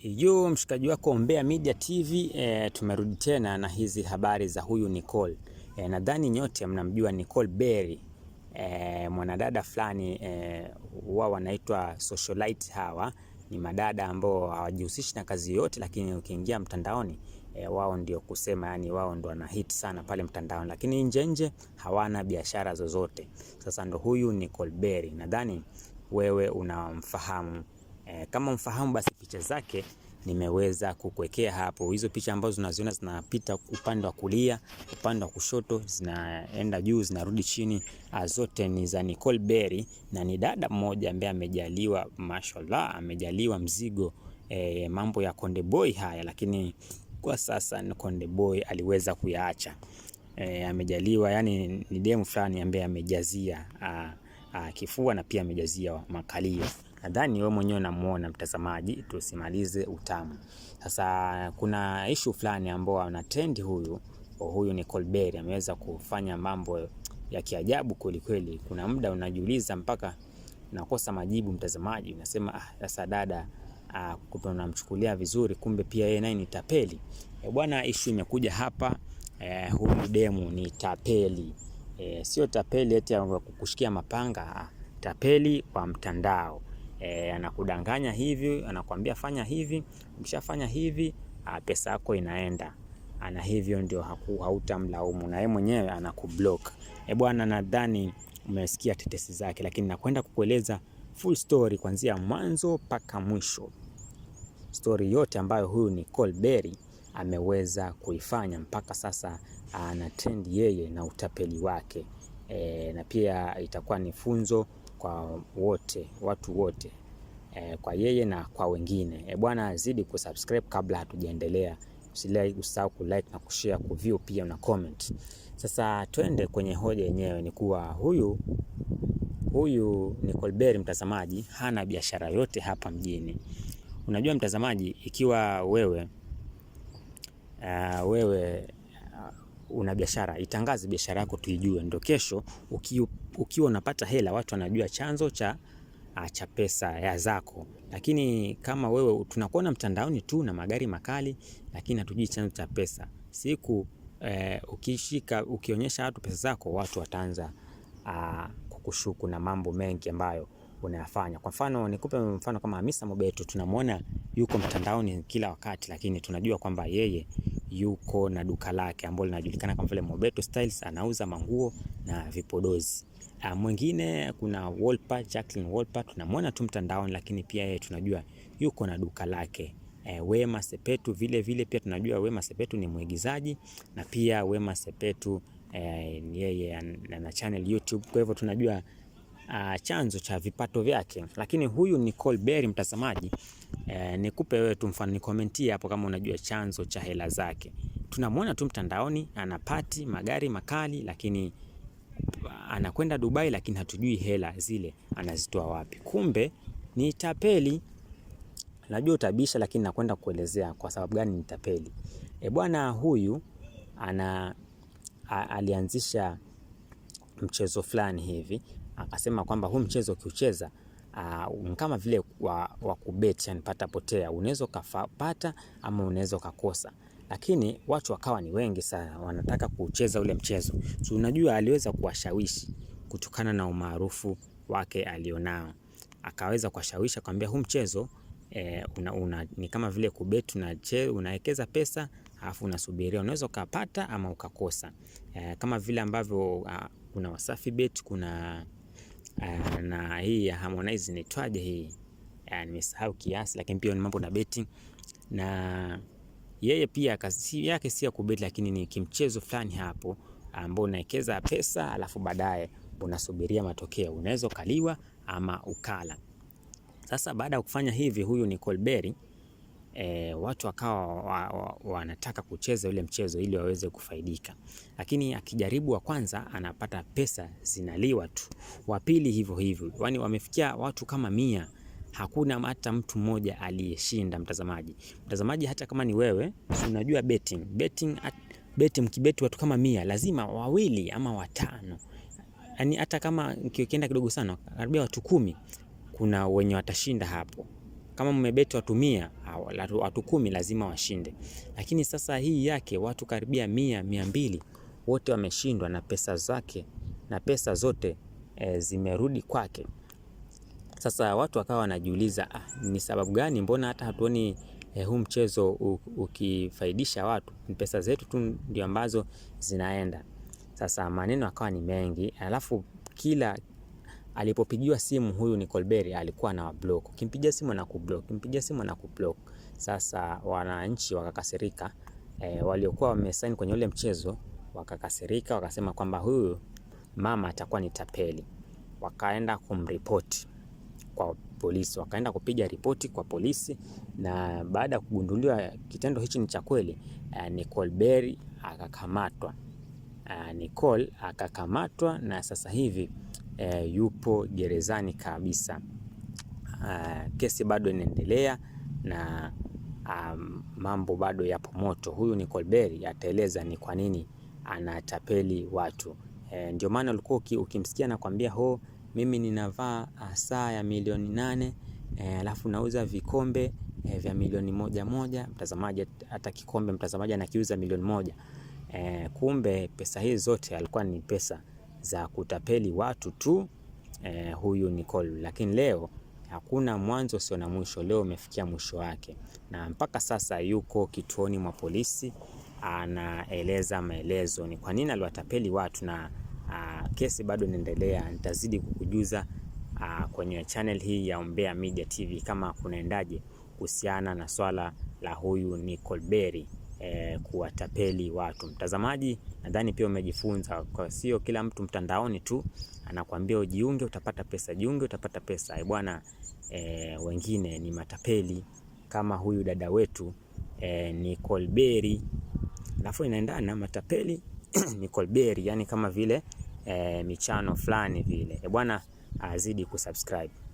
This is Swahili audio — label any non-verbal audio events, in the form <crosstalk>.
Hiyo mshikaji wako Umbea Media TV e, tumerudi tena na hizi habari za huyu Nicole. E, nadhani nyote mnamjua Nicole Berry e, mwanadada fulani e, wao wanaitwa socialite hawa ni madada ambao hawajihusishi na kazi yoyote, lakini ukiingia mtandaoni e, wao ndio kusema, yani wao ndio wana hit sana pale mtandaoni, lakini nje nje hawana biashara zozote. Sasa ndo huyu Nicole Berry, nadhani wewe unamfahamu E, kama mfahamu basi picha zake nimeweza kukuwekea hapo. Hizo picha ambazo tunaziona zinapita upande wa kulia, upande wa kushoto, zinaenda juu, zinarudi chini, ah, zote ni za Nicole Berry, na ni dada mmoja ambaye amejaliwa, mashallah, amejaliwa mzigo e, mambo ya Konde Boy haya, lakini kwa sasa Konde Boy aliweza kuyaacha. E, amejaliwa yani ni demu fulani ambaye amejazia a, ah, a, ah, kifua na pia amejazia makalio nadhani wewe mwenyewe unamuona mtazamaji, tusimalize utamu. Sasa kuna ishu fulani ambao ana trend huyu oh, huyu ni Colbert ameweza kufanya mambo ya kiajabu kweli kweli. Kuna muda unajiuliza mpaka nakosa majibu, mtazamaji, unasema ah, sasa dada ah, tunamchukulia vizuri, kumbe pia yeye naye ni tapeli e, bwana. Ishu imekuja hapa eh, huyu demu ni tapeli eh, sio tapeli eti kukushikia mapanga ah, tapeli kwa mtandao e, anakudanganya hivi, anakuambia fanya hivi, ukishafanya hivi a, ah, pesa yako inaenda ana hivyo ndio hautamlaumu na yeye mwenyewe anakublock. Eh bwana, nadhani umesikia tetesi zake, lakini nakwenda kukueleza full story kuanzia mwanzo mpaka mwisho, story yote ambayo huyu Nicole Berry ameweza kuifanya mpaka sasa, ah, ana trend yeye na utapeli wake e, na pia itakuwa ni funzo kwa wote, watu wote e, kwa yeye na kwa wengine. E bwana, zidi kusubscribe kabla hatujaendelea. Usisahau like na kushare, view pia na comment. Sasa twende kwenye hoja yenyewe, ni kuwa huyu huyu ni Colbert mtazamaji, hana biashara yote hapa mjini. Unajua mtazamaji, ikiwa wewe uh, wewe una biashara, itangaze biashara yako tuijue, ndio kesho ukiwa unapata hela watu wanajua chanzo cha ah, cha pesa ya zako. Lakini kama wewe tunakuona mtandaoni tu na magari makali, lakini hatujui chanzo cha pesa siku eh, ukishika ukionyesha watu pesa zako, watu wataanza ah, kukushuku na mambo mengi ambayo unayafanya. Kwa mfano nikupe mfano kama Hamisa Mobeto, tunamwona yuko mtandaoni kila wakati, lakini tunajua kwamba yeye yuko na duka lake ambalo linajulikana kama vile Mobeto Styles, anauza manguo na vipodozi. Uh, Mwingine kuna Wolpa, Jacqueline Wolpa tunamwona tu mtandaoni, lakini pia yeye tunajua yuko na duka lake. Eh, Wema Sepetu vile vile pia tunajua Wema Sepetu ni mwigizaji na pia Wema Sepetu eh, yeye ana channel YouTube, kwa hivyo tunajua uh, chanzo cha vipato vyake. Lakini huyu Nicole Berry, mtazamaji eh, nikupe wewe tu mfano, ni nikomentie hapo kama unajua chanzo cha hela zake. Tunamwona tu mtandaoni anapati magari makali, lakini uh, anakwenda Dubai, lakini hatujui hela zile anazitoa wapi. Kumbe ni tapeli. Najua utabisha, lakini nakwenda kuelezea kwa sababu gani ni tapeli. E, bwana huyu ana a, alianzisha mchezo fulani hivi akasema kwamba huu mchezo ukiucheza uh, kama vile wa, wa kubeti yani pata potea, unaweza ukapata ama unaweza ukakosa lakini watu wakawa ni wengi sana wanataka kucheza ule mchezo. So unajua, aliweza kuwashawishi kutokana na umaarufu wake alionao, akaweza kuwashawishi akamwambia, huu mchezo e, una, una, ni kama vile kubeti, unawekeza pesa alafu unasubiria, unaweza ukapata ama ukakosa e, kama vile ambavyo a, ah, kuna Wasafi Bet kuna Eh, na hii ya Harmonize ni twaje hii? Nimesahau kiasi, lakini pia ni mambo na betting na yeye pia kazi yake si ya kubeti, lakini ni kimchezo fulani hapo ambao unawekeza pesa alafu baadaye unasubiria matokeo, unaweza ukaliwa ama ukala. Sasa baada ya kufanya hivi, huyu ni Colberry e, watu wakawa wanataka wa, wa, kucheza ule mchezo ili waweze kufaidika, lakini akijaribu wa kwanza anapata pesa zinaliwa tu, wa pili hivyo hivyo, yaani wamefikia watu kama mia hakuna hata mtu mmoja aliyeshinda. Mtazamaji, mtazamaji, hata kama ni wewe, unajua betting betting beti, mkibeti watu kama mia lazima wawili ama watano, yaani hata kama kienda kidogo sana, karibia watu kumi, kuna wenye watashinda hapo kama mmebeti watu mia watu kumi lazima washinde, lakini sasa hii yake watu karibia mia mia mbili wote wameshindwa na pesa zake na pesa zote e, zimerudi kwake. Sasa watu wakawa wanajiuliza ah, ni sababu gani, mbona hata hatuoni eh, huu mchezo ukifaidisha watu? Ni pesa zetu tu ndio ambazo zinaenda. Sasa maneno akawa ni mengi, alafu kila alipopigiwa simu huyu ni Colbert alikuwa na block, ukimpigia simu na kublock, ukimpigia simu na kublock. Sasa wananchi wakakasirika, e, waliokuwa wamesaini kwenye ule mchezo wakakasirika, wakasema kwamba huyu mama atakuwa ni tapeli, wakaenda kumripoti kwa polisi, wakaenda kupiga ripoti kwa polisi, na baada ya kugunduliwa kitendo hichi ni cha kweli, e, eh, ni Colbert akakamatwa. Eh, Nicole akakamatwa na sasa hivi e, yupo gerezani kabisa. A, ah, kesi bado inaendelea na a, ah, mambo bado yapo moto. Huyu ni Colbert ataeleza ni kwa nini anatapeli watu e, ndio maana ulikuwa ukimsikia nakwambia ho, oh, mimi ninavaa ah, saa ya milioni nane e, alafu nauza vikombe e, vya milioni moja moja. Mtazamaji hata kikombe mtazamaji anakiuza milioni moja e, kumbe pesa hizi zote alikuwa ni pesa za kutapeli watu tu. Eh, huyu Nicole, lakini leo hakuna mwanzo usio na mwisho. Leo umefikia mwisho wake, na mpaka sasa yuko kituoni mwa polisi, anaeleza maelezo ni kwa nini aliwatapeli watu, na a, ah, kesi bado inaendelea. Nitazidi kukujuza a, ah, kwenye channel hii ya Umbea Media TV kama kunaendaje kuhusiana na swala la huyu Nicole Berry e, kuwatapeli watu. Mtazamaji, nadhani pia umejifunza, kwa sio kila mtu mtandaoni tu anakuambia ujiunge utapata pesa, jiunge utapata pesa. Bwana e, wengine ni matapeli kama huyu dada wetu e, eh, ni Kolberi, alafu inaendana matapeli <clears throat> ni Kolberi, yani kama vile e, michano fulani vile. E bwana, azidi kusubscribe.